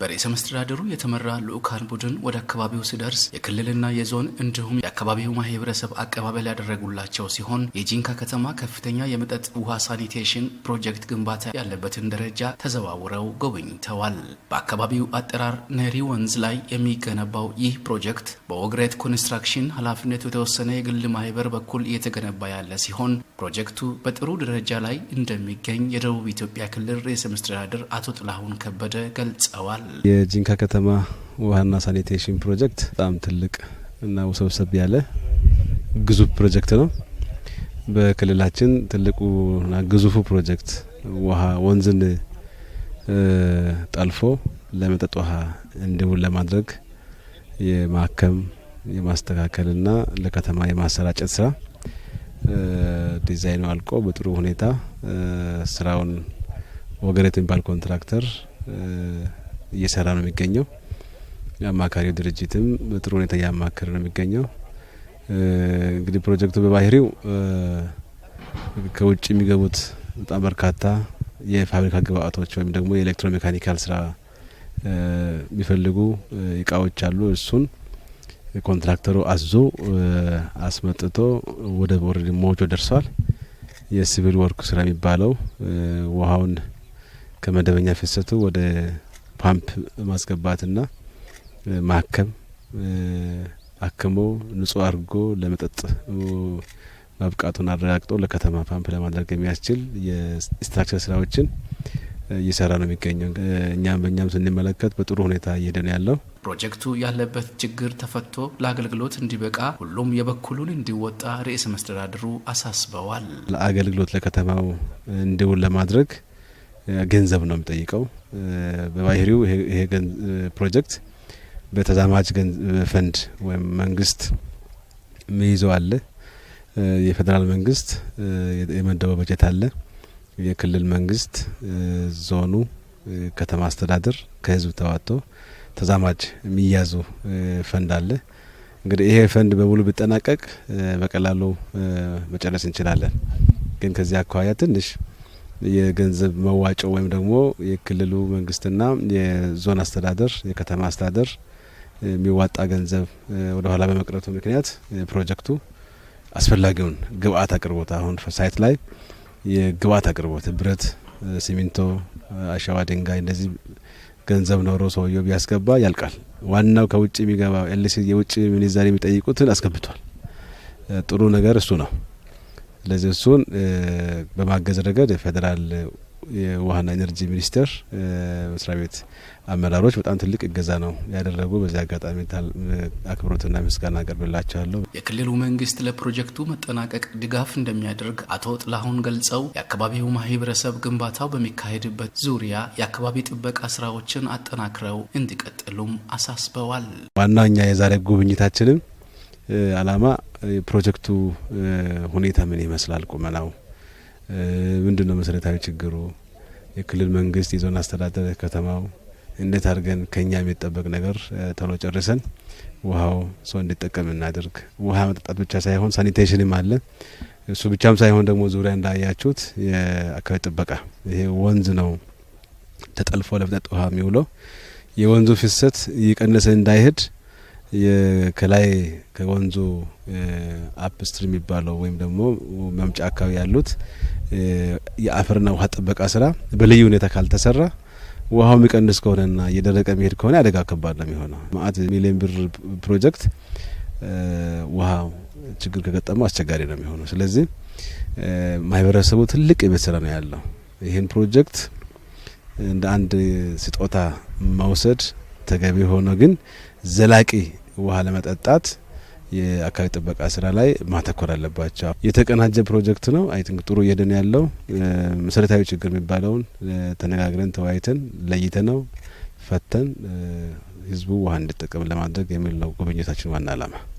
በርዕሰ መስተዳደሩ የተመራ ልዑካን ቡድን ወደ አካባቢው ሲደርስ የክልልና የዞን እንዲሁም የአካባቢው ማህበረሰብ አቀባበል ያደረጉላቸው ሲሆን የጂንካ ከተማ ከፍተኛ የመጠጥ ውሃ ሳኒቴሽን ፕሮጀክት ግንባታ ያለበትን ደረጃ ተዘዋውረው ጎብኝተዋል። በአካባቢው አጠራር ነሪ ወንዝ ላይ የሚገነባው ይህ ፕሮጀክት በኦግሬት ኮንስትራክሽን ኃላፊነቱ የተወሰነ የግል ማህበር በኩል እየተገነባ ያለ ሲሆን ፕሮጀክቱ በጥሩ ደረጃ ላይ እንደሚገኝ የደቡብ ኢትዮጵያ ክልል ርዕሰ መስተዳደር አቶ ጥላሁን ከበደ ገልጸዋል። የጂንካ ከተማ ውሃና ሳኒቴሽን ፕሮጀክት በጣም ትልቅ እና ውሰብሰብ ያለ ግዙፍ ፕሮጀክት ነው። በክልላችን ትልቁና ግዙፉ ፕሮጀክት ውሃ ወንዝን ጠልፎ ለመጠጥ ውሃ እንዲውል ለማድረግ የማከም የማስተካከልና ለከተማ የማሰራጨት ስራ ዲዛይኑ አልቆ በጥሩ ሁኔታ ስራውን ወገሬት የሚባል ኮንትራክተር እየሰራ ነው የሚገኘው። የአማካሪው ድርጅትም ጥሩ ሁኔታ እያማከረ ነው የሚገኘው። እንግዲህ ፕሮጀክቱ በባህሪው ከውጭ የሚገቡት በጣም በርካታ የፋብሪካ ግብአቶች ወይም ደግሞ የኤሌክትሮ ሜካኒካል ስራ የሚፈልጉ እቃዎች አሉ። እሱን ኮንትራክተሩ አዞ አስመጥቶ ወደ ቦርድ ሞጆ ደርሷል። የሲቪል ወርክ ስራ የሚባለው ውሃውን ከመደበኛ ፍሰቱ ወደ ፓምፕ ማስገባትና ማከም አክሞ ንጹህ አድርጎ ለመጠጥ ማብቃቱን አረጋግጦ ለከተማ ፓምፕ ለማድረግ የሚያስችል የስትራክቸር ስራዎችን እየሰራ ነው የሚገኘው። እኛም በእኛም ስንመለከት በጥሩ ሁኔታ እየሄደ ነው ያለው። ፕሮጀክቱ ያለበት ችግር ተፈቶ ለአገልግሎት እንዲበቃ ሁሉም የበኩሉን እንዲወጣ ርዕሰ መስተዳድሩ አሳስበዋል። ለአገልግሎት ለከተማው እንዲውል ለማድረግ ገንዘብ ነው የሚጠይቀው። በባህሪው ይሄ ፕሮጀክት በተዛማጅ ፈንድ ወይም መንግስት የሚይዘው አለ። የፌዴራል መንግስት የመደበው በጀት አለ። የክልል መንግስት፣ ዞኑ፣ ከተማ አስተዳደር ከህዝብ ተዋጥቶ ተዛማጅ የሚያዙ ፈንድ አለ። እንግዲህ ይሄ ፈንድ በሙሉ ቢጠናቀቅ በቀላሉ መጨረስ እንችላለን። ግን ከዚህ አኳያ ትንሽ የገንዘብ መዋጮ ወይም ደግሞ የክልሉ መንግስትና የዞን አስተዳደር የከተማ አስተዳደር የሚዋጣ ገንዘብ ወደ ኋላ በመቅረቱ ምክንያት ፕሮጀክቱ አስፈላጊውን ግብአት አቅርቦት አሁን ሳይት ላይ የግብአት አቅርቦት ብረት፣ ሲሚንቶ፣ አሸዋ ድንጋይ እንደዚህ ገንዘብ ኖሮ ሰውየው ቢያስገባ ያልቃል። ዋናው ከውጭ የሚገባ ኤልሲ የውጭ ምንዛሪ የሚጠይቁትን አስገብቷል። ጥሩ ነገር እሱ ነው። ስለዚህ እሱን በማገዝ ረገድ የፌዴራል የውሀና ኢነርጂ ሚኒስቴር መስሪያ ቤት አመራሮች በጣም ትልቅ እገዛ ነው ያደረጉ። በዚህ አጋጣሚ አክብሮትና ምስጋና አቀርብላቸዋለሁ። የክልሉ መንግስት ለፕሮጀክቱ መጠናቀቅ ድጋፍ እንደሚያደርግ አቶ ጥላሁን ገልጸው የአካባቢው ማህበረሰብ ግንባታው በሚካሄድበት ዙሪያ የአካባቢ ጥበቃ ስራዎችን አጠናክረው እንዲቀጥሉም አሳስበዋል። ዋናኛ የዛሬ ጉብኝታችንም አላማ የፕሮጀክቱ ሁኔታ ምን ይመስላል? ቁመናው ምንድን ነው? መሰረታዊ ችግሩ የክልል መንግስት፣ የዞን አስተዳደር፣ ከተማው እንዴት አድርገን ከኛ የሚጠበቅ ነገር ቶሎ ጨርሰን ውሃው ሰው እንዲጠቀም እናድርግ። ውሃ መጠጣት ብቻ ሳይሆን ሳኒቴሽንም አለ። እሱ ብቻም ሳይሆን ደግሞ ዙሪያ እንዳያችሁት የአካባቢ ጥበቃ ይሄ ወንዝ ነው ተጠልፎ ለመጠጥ ውሃ የሚውለው የወንዙ ፍሰት እየቀነሰ እንዳይሄድ ከላይ ከወንዙ ስትሪም የሚባለው ወይም ደግሞ መምጫ አካባቢ ያሉት የአፈርና ውሃ ጥበቃ ስራ በልዩ ሁኔታ ካልተሰራ ውሃው የሚቀንስ ከሆነና እየደረቀ የሚሄድ ከሆነ አደጋ ከባድ ነው የሚሆነው። ማአት ሚሊዮን ብር ፕሮጀክት ውሃ ችግር ከገጠመው አስቸጋሪ ነው የሚሆነው። ስለዚህ ማህበረሰቡ ትልቅ የቤት ስራ ነው ያለው። ይህን ፕሮጀክት እንደ አንድ ስጦታ መውሰድ ተገቢ ሆኖ ግን ዘላቂ ውሃ ለመጠጣት የአካባቢ ጥበቃ ስራ ላይ ማተኮር አለባቸው። የተቀናጀ ፕሮጀክት ነው። አይ ቲንክ ጥሩ እየደን ያለው መሰረታዊ ችግር የሚባለውን ተነጋግረን ተወያይተን ለይተ ነው ፈተን ህዝቡ ውሃ እንዲጠቀም ለማድረግ የሚል ነው ጉብኝታችን ዋና ዓላማ።